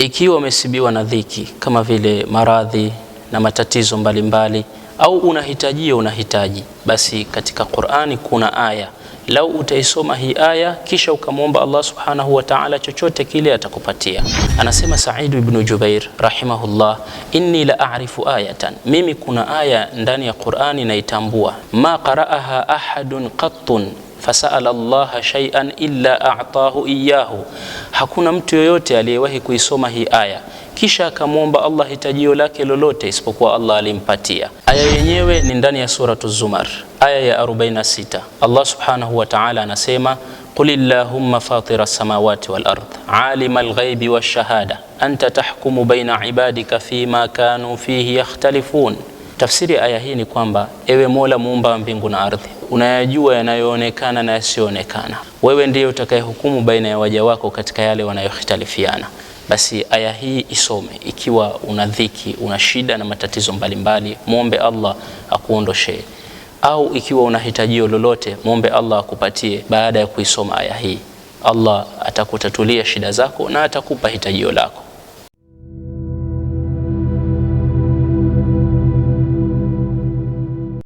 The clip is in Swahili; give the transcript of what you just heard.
ikiwa umesibiwa na dhiki kama vile maradhi na matatizo mbalimbali mbali, au unahitajia unahitaji, basi katika Qur'ani kuna aya lau utaisoma hii aya kisha ukamwomba Allah subhanahu wa ta'ala, chochote kile atakupatia. Anasema Saidu ibn Jubair rahimahullah, inni la a'rifu ayatan, mimi kuna aya ndani ya Qur'ani naitambua, ma qara'aha ahadun qattun fasala Allah shay'an illa a'tahu iyyahu, hakuna mtu yoyote aliyewahi kuisoma hii aya kisha akamwomba Allah hitajio lake lolote isipokuwa Allah alimpatia. Aya yenyewe ni ndani ya suratu Zumar, aya ya 46. Allah subhanahu wa ta'ala anasema Qul illahumma fatira samawati wal ard alima alghaibi wash shahada anta tahkumu baina ibadika fima kanu fihi yakhtalifun Tafsiri ya aya hii ni kwamba ewe Mola muumba wa mbingu na ardhi, unayajua yanayoonekana na yasiyoonekana. Wewe ndiye utakayehukumu baina ya waja wako katika yale wanayohitalifiana. Basi aya hii isome ikiwa una dhiki, una shida na matatizo mbalimbali, muombe Allah akuondoshee, au ikiwa una hitajio lolote, muombe Allah akupatie. Baada ya kuisoma aya hii, Allah atakutatulia shida zako na atakupa hitajio lako.